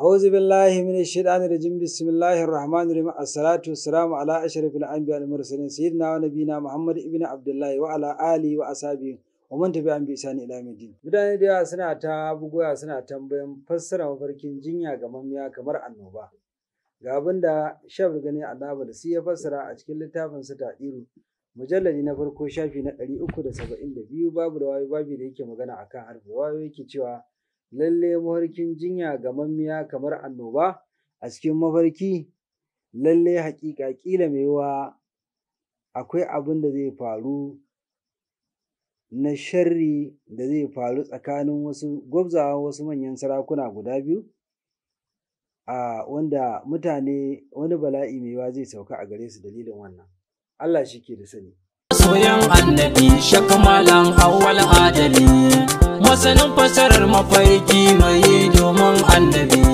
أعوذ بالله من الشيطان الرجيم بسم الله الرحمن الرحيم الصلاة والسلام على أشرف الأنبياء والمرسلين سيدنا Abdullahi, محمد ابن عبد الله وعلى آله وأصحابه ومن تبعهم بإحسان إلى يوم الدين mutane da yawa suna ta bugoya suna tambayan fassara mafarkin jinya ga mamiya kamar annoba ga abin da shaf gani annaba da ya fassara a cikin littafin sa ta'iru mujalladi na farko shafi na 372 babu da wayo babu da yake magana akan harfi wayo yake cewa Lallai mafarkin jinya ga mamiya kamar annoba a cikin mafarki Lallai haƙiƙa ƙila mai yiwa akwai abin da zai faru na sharri da zai faru tsakanin wasu gwabzawa wasu manyan sarakuna guda biyu a wanda mutane wani bala'i mai wa zai sauka a gare su dalilin wannan Allah shi ke da sani. Soyan annabi shakamalan awwal adali. masanin fasarar mafarki mai domin annabi